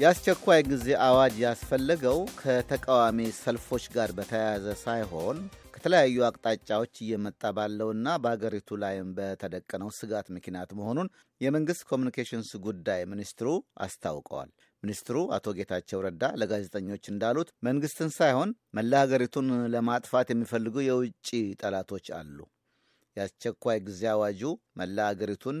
የአስቸኳይ ጊዜ አዋጅ ያስፈለገው ከተቃዋሚ ሰልፎች ጋር በተያያዘ ሳይሆን ከተለያዩ አቅጣጫዎች እየመጣ ባለውና በአገሪቱ ላይም በተደቀነው ስጋት ምክንያት መሆኑን የመንግሥት ኮሚኒኬሽንስ ጉዳይ ሚኒስትሩ አስታውቀዋል። ሚኒስትሩ አቶ ጌታቸው ረዳ ለጋዜጠኞች እንዳሉት መንግስትን ሳይሆን መላ ሀገሪቱን ለማጥፋት የሚፈልጉ የውጭ ጠላቶች አሉ። የአስቸኳይ ጊዜ አዋጁ መላ አገሪቱን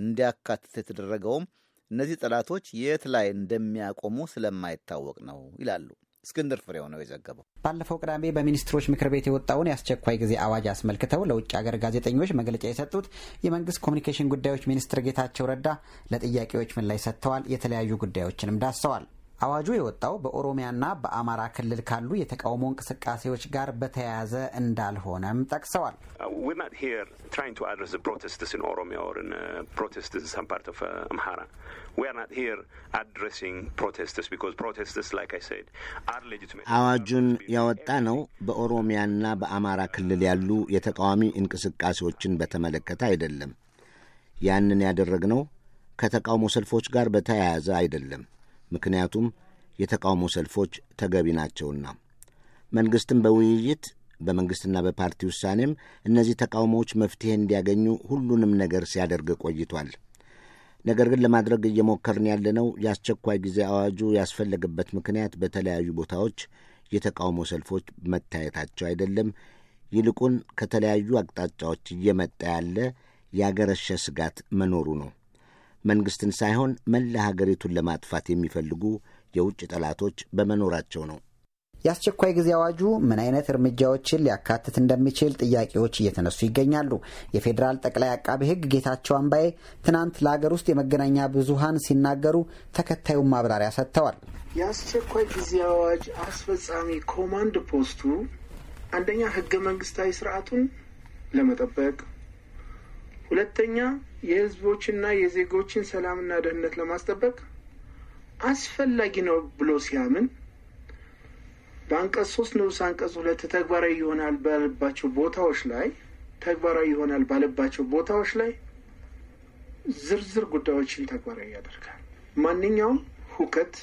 እንዲያካትት የተደረገውም እነዚህ ጠላቶች የት ላይ እንደሚያቆሙ ስለማይታወቅ ነው ይላሉ። እስክንድር ፍሬው ነው የዘገበው። ባለፈው ቅዳሜ በሚኒስትሮች ምክር ቤት የወጣውን የአስቸኳይ ጊዜ አዋጅ አስመልክተው ለውጭ ሀገር ጋዜጠኞች መግለጫ የሰጡት የመንግስት ኮሚኒኬሽን ጉዳዮች ሚኒስትር ጌታቸው ረዳ ለጥያቄዎች ምላሽ ሰጥተዋል። የተለያዩ ጉዳዮችንም ዳሰዋል። አዋጁ የወጣው በኦሮሚያና በአማራ ክልል ካሉ የተቃውሞ እንቅስቃሴዎች ጋር በተያያዘ እንዳልሆነም ጠቅሰዋል። አዋጁን ያወጣ ነው በኦሮሚያና በአማራ ክልል ያሉ የተቃዋሚ እንቅስቃሴዎችን በተመለከተ አይደለም። ያንን ያደረግነው ከተቃውሞ ሰልፎች ጋር በተያያዘ አይደለም። ምክንያቱም የተቃውሞ ሰልፎች ተገቢ ናቸውና መንግስትም በውይይት በመንግስትና በፓርቲ ውሳኔም እነዚህ ተቃውሞዎች መፍትሄ እንዲያገኙ ሁሉንም ነገር ሲያደርግ ቆይቷል። ነገር ግን ለማድረግ እየሞከርን ያለነው የአስቸኳይ ጊዜ አዋጁ ያስፈለገበት ምክንያት በተለያዩ ቦታዎች የተቃውሞ ሰልፎች መታየታቸው አይደለም፣ ይልቁን ከተለያዩ አቅጣጫዎች እየመጣ ያለ ያገረሸ ስጋት መኖሩ ነው። መንግሥትን ሳይሆን መላ ሀገሪቱን ለማጥፋት የሚፈልጉ የውጭ ጠላቶች በመኖራቸው ነው። የአስቸኳይ ጊዜ አዋጁ ምን አይነት እርምጃዎችን ሊያካትት እንደሚችል ጥያቄዎች እየተነሱ ይገኛሉ። የፌዴራል ጠቅላይ አቃቤ ሕግ ጌታቸው አምባዬ ትናንት ለሀገር ውስጥ የመገናኛ ብዙሃን ሲናገሩ ተከታዩን ማብራሪያ ሰጥተዋል። የአስቸኳይ ጊዜ አዋጅ አስፈጻሚ ኮማንድ ፖስቱ አንደኛ ሕገ መንግስታዊ ስርዓቱን ለመጠበቅ ሁለተኛ የህዝቦችና የዜጎችን ሰላምና ደህንነት ለማስጠበቅ አስፈላጊ ነው ብሎ ሲያምን በአንቀጽ ሶስት ንዑስ አንቀጽ ሁለት ተግባራዊ ይሆናል ባለባቸው ቦታዎች ላይ ተግባራዊ ይሆናል ባለባቸው ቦታዎች ላይ ዝርዝር ጉዳዮችን ተግባራዊ ያደርጋል። ማንኛውም ሁከት፣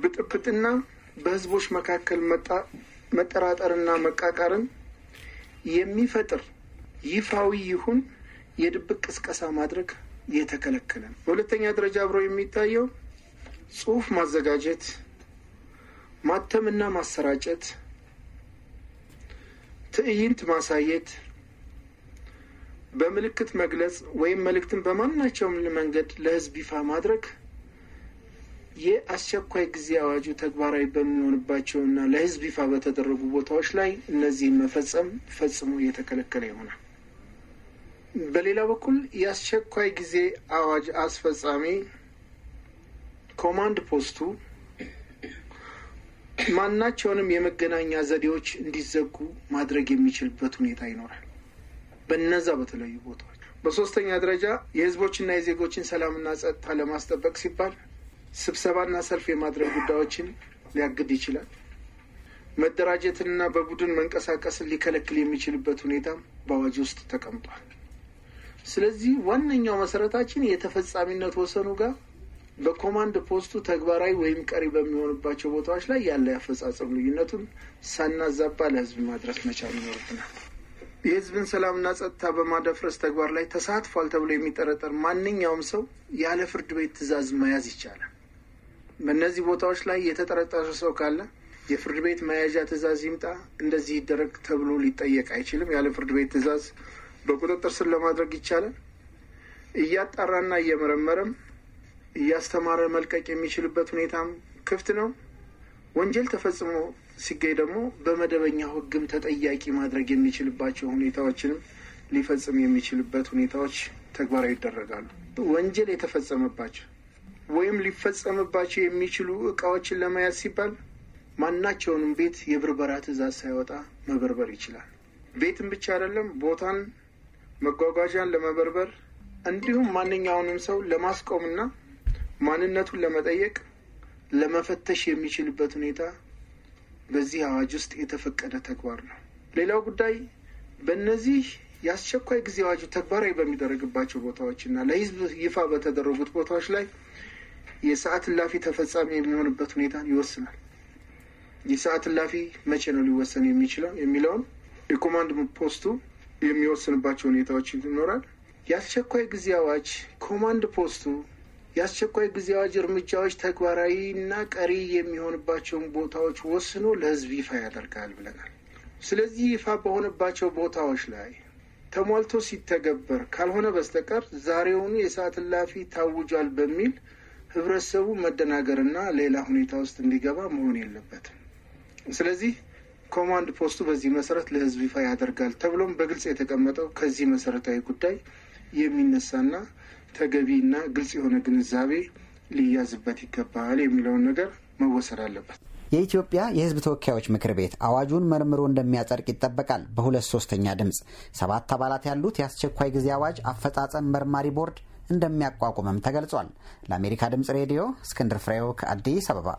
ብጥብጥና በህዝቦች መካከል መጠራጠርና መቃቃርን የሚፈጥር ይፋዊ ይሁን የድብቅ ቅስቀሳ ማድረግ የተከለከለ ነው። በሁለተኛ ደረጃ አብሮ የሚታየው ጽሁፍ ማዘጋጀት፣ ማተምና ማሰራጨት፣ ትዕይንት ማሳየት፣ በምልክት መግለጽ ወይም መልእክትን በማናቸውም መንገድ ለህዝብ ይፋ ማድረግ የአስቸኳይ ጊዜ አዋጁ ተግባራዊ በሚሆንባቸውና ለህዝብ ይፋ በተደረጉ ቦታዎች ላይ እነዚህን መፈጸም ፈጽሞ እየተከለከለ ይሆናል። በሌላ በኩል የአስቸኳይ ጊዜ አዋጅ አስፈጻሚ ኮማንድ ፖስቱ ማናቸውንም የመገናኛ ዘዴዎች እንዲዘጉ ማድረግ የሚችልበት ሁኔታ ይኖራል። በነዛ በተለያዩ ቦታዎች። በሶስተኛ ደረጃ የህዝቦችና የዜጎችን ሰላምና ጸጥታ ለማስጠበቅ ሲባል ስብሰባና ሰልፍ የማድረግ ጉዳዮችን ሊያግድ ይችላል። መደራጀትንና በቡድን መንቀሳቀስን ሊከለክል የሚችልበት ሁኔታም በአዋጅ ውስጥ ተቀምጧል። ስለዚህ ዋነኛው መሰረታችን የተፈጻሚነት ወሰኑ ጋር በኮማንድ ፖስቱ ተግባራዊ ወይም ቀሪ በሚሆንባቸው ቦታዎች ላይ ያለ ያፈጻጸም ልዩነቱን ሳናዛባ ለህዝብ ማድረስ መቻል ይኖርብናል። የህዝብን ሰላምና ጸጥታ በማደፍረስ ተግባር ላይ ተሳትፏል ተብሎ የሚጠረጠር ማንኛውም ሰው ያለ ፍርድ ቤት ትዕዛዝ መያዝ ይቻላል። በእነዚህ ቦታዎች ላይ የተጠረጠረ ሰው ካለ የፍርድ ቤት መያዣ ትዕዛዝ ይምጣ፣ እንደዚህ ይደረግ ተብሎ ሊጠየቅ አይችልም። ያለ ፍርድ ቤት ትዕዛዝ በቁጥጥር ስር ለማድረግ ይቻላል። እያጣራና እየመረመረም እያስተማረ መልቀቅ የሚችልበት ሁኔታም ክፍት ነው። ወንጀል ተፈጽሞ ሲገኝ ደግሞ በመደበኛው ሕግም ተጠያቂ ማድረግ የሚችልባቸው ሁኔታዎችንም ሊፈጽም የሚችልበት ሁኔታዎች ተግባራዊ ይደረጋሉ። ወንጀል የተፈጸመባቸው ወይም ሊፈጸምባቸው የሚችሉ እቃዎችን ለመያዝ ሲባል ማናቸውንም ቤት የብርበራ ትዕዛዝ ሳይወጣ መበርበር ይችላል። ቤትም ብቻ አይደለም ቦታን መጓጓዣን ለመበርበር እንዲሁም ማንኛውንም ሰው ለማስቆምና ማንነቱን ለመጠየቅ ለመፈተሽ የሚችልበት ሁኔታ በዚህ አዋጅ ውስጥ የተፈቀደ ተግባር ነው። ሌላው ጉዳይ በእነዚህ የአስቸኳይ ጊዜ አዋጁ ተግባራዊ በሚደረግባቸው ቦታዎችና ለሕዝብ ይፋ በተደረጉት ቦታዎች ላይ የሰዓት እላፊ ተፈጻሚ የሚሆንበት ሁኔታን ይወስናል። የሰዓት እላፊ መቼ ነው ሊወሰን የሚችለው የሚለውን የኮማንድ ፖስቱ የሚወስንባቸው ሁኔታዎች ይኖራል። የአስቸኳይ ጊዜ አዋጅ ኮማንድ ፖስቱ የአስቸኳይ ጊዜ አዋጅ እርምጃዎች ተግባራዊና ቀሪ የሚሆንባቸውን ቦታዎች ወስኖ ለህዝብ ይፋ ያደርጋል ብለናል። ስለዚህ ይፋ በሆነባቸው ቦታዎች ላይ ተሟልቶ ሲተገበር ካልሆነ በስተቀር ዛሬውኑ የሰዓት እላፊ ታውጇል በሚል ህብረተሰቡ መደናገርና ሌላ ሁኔታ ውስጥ እንዲገባ መሆን የለበትም። ስለዚህ ኮማንድ ፖስቱ በዚህ መሰረት ለህዝብ ይፋ ያደርጋል ተብሎም በግልጽ የተቀመጠው ከዚህ መሰረታዊ ጉዳይ የሚነሳና ተገቢና ግልጽ የሆነ ግንዛቤ ሊያዝበት ይገባል የሚለውን ነገር መወሰድ አለበት። የኢትዮጵያ የህዝብ ተወካዮች ምክር ቤት አዋጁን መርምሮ እንደሚያጸድቅ ይጠበቃል በሁለት ሶስተኛ ድምፅ። ሰባት አባላት ያሉት የአስቸኳይ ጊዜ አዋጅ አፈጻጸም መርማሪ ቦርድ እንደሚያቋቁምም ተገልጿል። ለአሜሪካ ድምፅ ሬዲዮ እስክንድር ፍሬው ከአዲስ አበባ